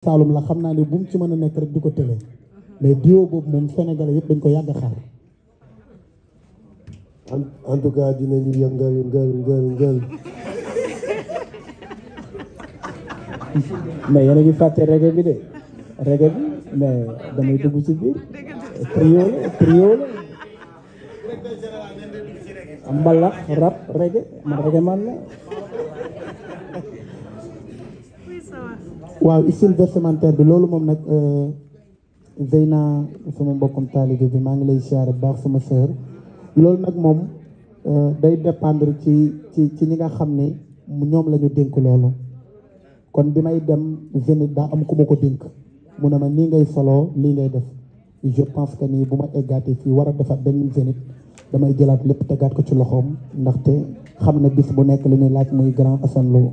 salum la xamna ni buum ci meuna nek rek diko tele mais dio bob mom sénégalais yëpp dañ ko yag xal en tout cas dinañu yëngal yëngal yëngal yëngal mais yéen a ngi fàtte reggae bi dé reggae bi mais damay dugg ci biir trio trio mbalax rap reggae man reggae man la waaw style vestimentaire bi loolu moom nag Zeyna euh, sama mbokkum taalibe bi maa ngi lay siyaare bu baax sama sœur loolu nag moom euh, day dépendre ci ci ci ñi nga xam ni ñoom la ñu dénk loolu kon bi may dem Zénith daa am ku ma ko dénk mu ne ma nii ngay soloo lii ngay def je pense que nii bu ma eggaatee fii war a defaat benn Zénith damay jëlaat lépp tegaat ko ci loxoom ndaxte xam ne bis bu nekk li ñuy laaj muy grand Assane Lo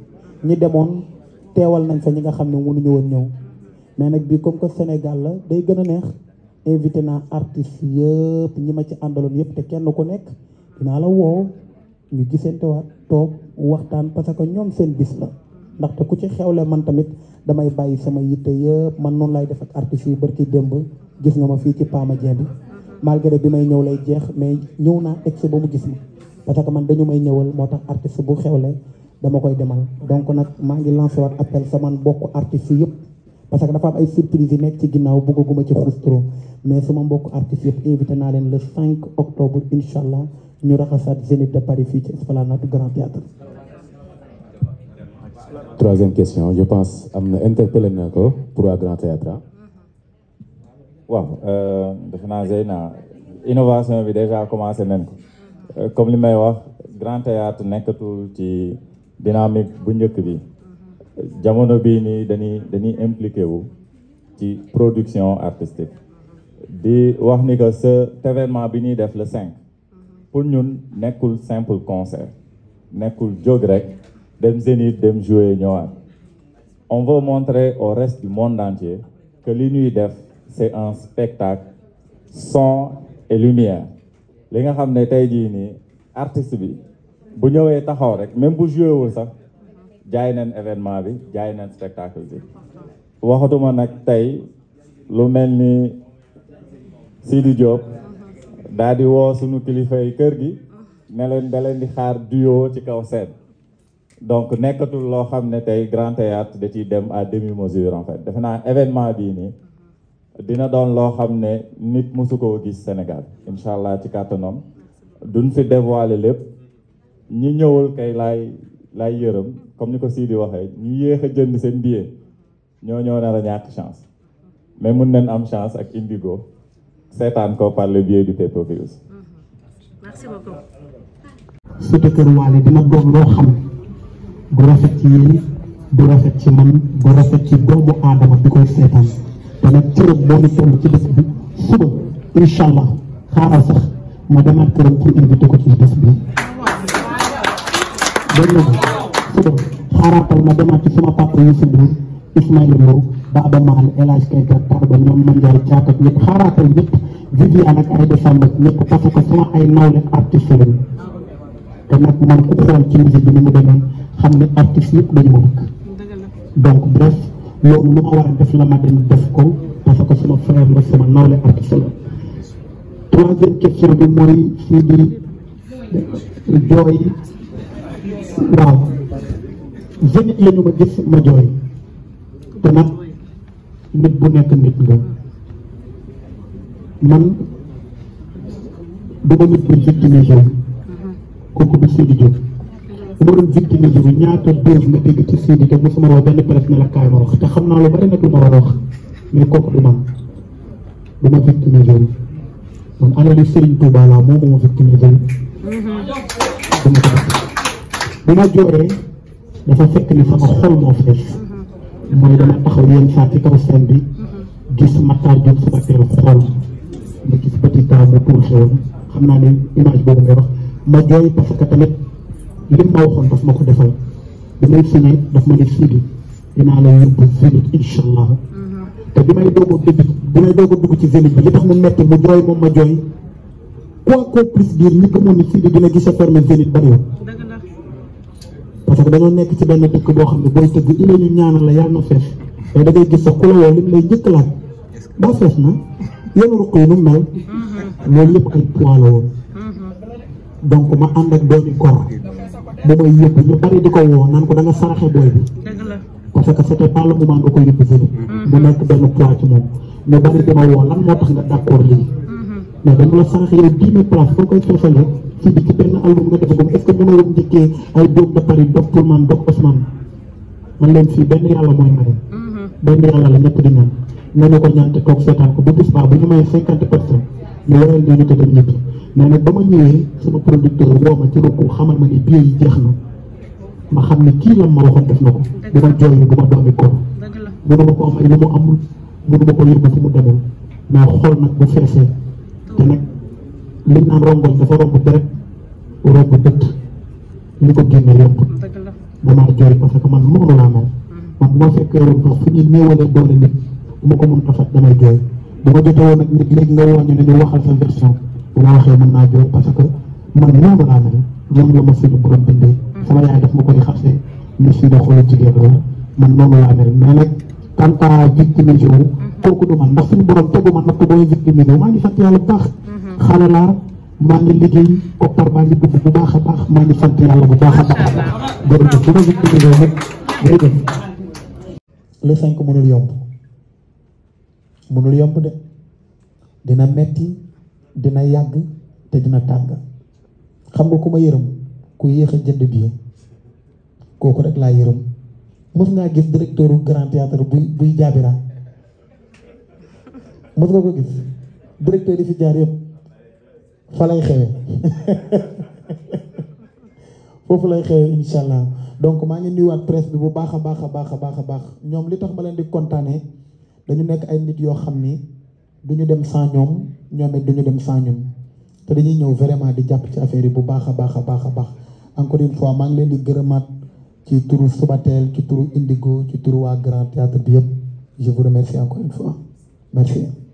ñi tewal téwal nañ fa ñi nga xamné mënu ñu won ñew mais nak bi comme que Sénégal la day gëna neex invité na artiste yépp ñi ma ci andalon yépp te kenn ku nekk dina la wo ñu wat tok waxtaan parce que ñom seen bis la ndaxte ku ci xewle man tamit damay bayyi sama yitte yépp man non lay def ak artiste yi barki demb gis nga ma fi ci Pama djébi malgré bi may ñew lay jeex mais ñew na egsi ba mu gis ma parce que man dañu may ñewal motax artiste bu xewle demal donc on a ngi lancé waat appel sama mbokk artiste parce que dafa am ay surprise qui nekk ci ginnaaw bëgguma ci mais sama mbokk artiste yëpp invité na le 5 octobre nous allons ñu raxassat Zénith de Paris fii ci Esplanade Grand Théâtre troisième question je pense amna na interpellé na pour un Grand Théâtre Oui, je pense que innovation a déjà commencé euh, comme li may wax Grand Théâtre le ci dynamique bu bi jamono bi ni dañuy dañuy impliqué wu ci production artistique di wax ni que ce événement bi ñuy def le 5 pour ñun nekkul simple concert nekkul jog rek dem Zénith dem jouer ñëwaat on veut montrer au reste du monde entier que li ñuy def c'est un spectacle sans et lumière li nga xam ne tey jii nii artiste bi bu ñëwee taxaw rek même bu joué wul sax jaay neen événement bi jaay neen spectacle bi waxatuma nag tey lu mel ni Sidi Diop daal di woo suñu kilifay kër gi ne leen da di xaar duo ci kaw scène donc nekkatul loo xam ne tey grand théâtre da ciy dem à demi mesure en fait defe naa événement bii nii dina doon loo xam ne nit mosu koo gis Sénégal incha allah ci kàttanam duñ fi dévoiler lépp ñi ñëwul kay lay lay yërëm comme niko Sidi waxe ñu yéex jënd seen billet ñoo ñoo nar ñak chance mais mën nañ am chance ak Indigo setan ko par le biais du pay per merci beaucoup. surtout keur Waly dina doon lo xam bu rafet ci yéen bu rafet ci man bu rafet ci doomu aadama bi koy setan dana cërëm mo ni toll ci bés bi suba inshallah xara sax ma demaat këram pour invité ko ci bés bi. dégg nga su dee xaaraatal ma demaat ci sama papa Youssou ni mu demee xam a def la ma ko parce question bi mooy fii di jooy waaw zénith la ñu ma gis ma jooy te nag nit bu nekk nit nga man duma nit bu victimisé kooku du Sidi Diop ma doon victimisé bi ñaata dóor ma dégg ci Sidi te mosuma woo benn presse ne la kaay ma wax te xam naa lu bari nag lu ma war wax mais kooku du ma du ma victimisé man alali Serigne Touba laa moom moo victimisé mhm. duma bi ma jooree dafa fekk ni sama xol moo fi def mooy dama taxaw yenn saa ci kaw seen bi gis Matar Diop sama teel xol ma gis Petit Ka mu tuur xew xam naa ne image boobu ngay wax ma jooy parce que tamit lim ma waxoon daf ma ko defal bi may signé daf ma ne Sidi dinaa la yóbbu Zénith incha allah te bi may doog a dugg bi may doog a dugg ci Zénith bi li tax mu metti mu jooy moom ma jooy quoi que plus biir ñi ko moom ni Sidi dina gis a ferme Zénith bariwul sax que dañoo nekk ci benn dëkk boo xam ne booy tëgg il ñu ñaanal la yàlla na fees mais da ngay gis sax kula la woo lim lay njëkk laaj ba fees na yéen ruq yi nu mel mhm. loolu lépp ay poids la woon mhm. donc ma ànd ak doomi kor bu may yëpp ñu bari di ko woo naan ko da nga saraxe booy bi parce que c'était pas le moment ko yëpp reposer mhm. mu nekk benn poids ci moom ñu bari di ma woo lan moo tax nga d'accord lii mais dañu la saraxe yow dix mille place foo koy feesale ci bitti ay nah, dugg dafa dugg est-ce que dama leen ay doog ba pare doog pour man doog Ousmane man leen fii benn yàlla mooy maye benn yàlla la ñëpp di ñaan nañu ko ñaan te toog seetaan ko ba bis baa bu ñu may cinquante personnes ñu waral lii ñu te dem ñibbi mais nag ba ma ñëwee sama producteur woo ma ci rukk xamal ma ni biir yi jeex ma xam ne kii ma waxoon def na ko du ma jooylu doomi ko mënu ma ko am ay amul mënu ma ko fu mu demul bu te dafa waroo ko dëkk li ko génne yokkut damaa jooy parce que man mënu laa mel mm. man bu ma fekkee woon sax fu ñuy néewalee doole nit bu ma ko mën a faj damay jooy bu ma jotee woon nag nit léegi nga woo ñu ne ñu waxal sa version bu ma waxee mën naa jooy parce que man noonu laa mel ñoom la ma suñu borom bindee mm. sama yaay daf ma koy xasee ñu si la xoolal jigéen loolu man noonu laa mel mais nag tant à victimisé wu mm-hmm. kooku du man ndax suñu borom tegu ma natt booy victimisé maa ngi sant yàlla bu baax mm-hmm. xale laa maa ngi liggéey koppar maa ngi dugg bu baax a baax maa sant yàlla bu baax baax a baax jërëjëf le mënul yomb mënul yomb de dina metti dina yàgg te dina tàng xam nga ku ma ku yéex jënd billet kooku rek laa yërëm mës ngaa gis directeuru grand théâtre buy buy jaabira nga ko gis directeur yi fi jaar yëpp fa lay xewe fofu lay xewe inshallah donc ma ngi nuyuwaat presse bi bu baax a baax a baax a baax a baax ñoom li tax ma leen di kontaanee dañu nekk ay nit yoo xam ni du ñu dem sans ñoom ñoom it du dem sans ñun te dañuy ñëw vraiment di jàpp ci affaire yi bu baax a baax a baax a baax encore une fois maa ngi leen di gërëmaat ci turu Subatel ci turu Indigo ci turu waa Grand Théâtre bi yëpp je vous remercie encore une fois merci.